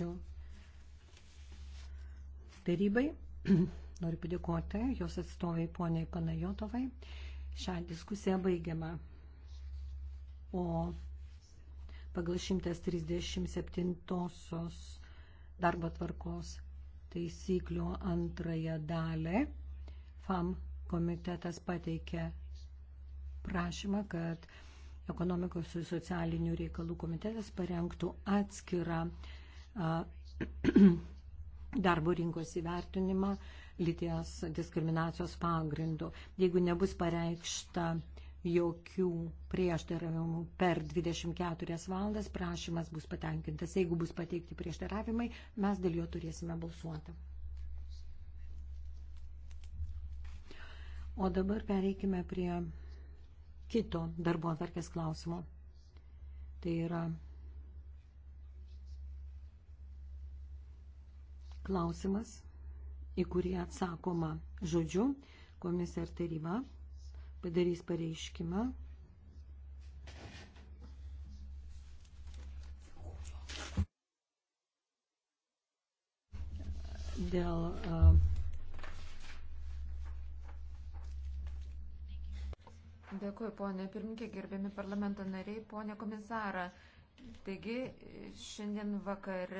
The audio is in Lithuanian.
Ačiū tarybai. Noriu padėkoti jos atstovai poniai Panajotovai. Šią diskusiją baigiama. O pagal 137 darbo tvarkos taisyklių antrąją dalį FAM komitetas pateikė prašymą, kad ekonomikos ir socialinių reikalų komitetas parengtų atskirą darbo rinkos įvertinimą lyties diskriminacijos pagrindu. Jeigu nebus pareikšta jokių prieštaravimų per 24 valandas, prašymas bus patenkintas. Jeigu bus pateikti prieštaravimai, mes dėl jo turėsime balsuoti. O dabar pereikime prie kito darbo atvarkės klausimo. Tai yra klausimas, į kurį atsakoma žodžiu, komisija ar taryba padarys pareiškimą. Dėl uh, Dėkuoju, ponė pirmininkė, gerbiami parlamento nariai, ponė komisara. Taigi, šiandien vakare.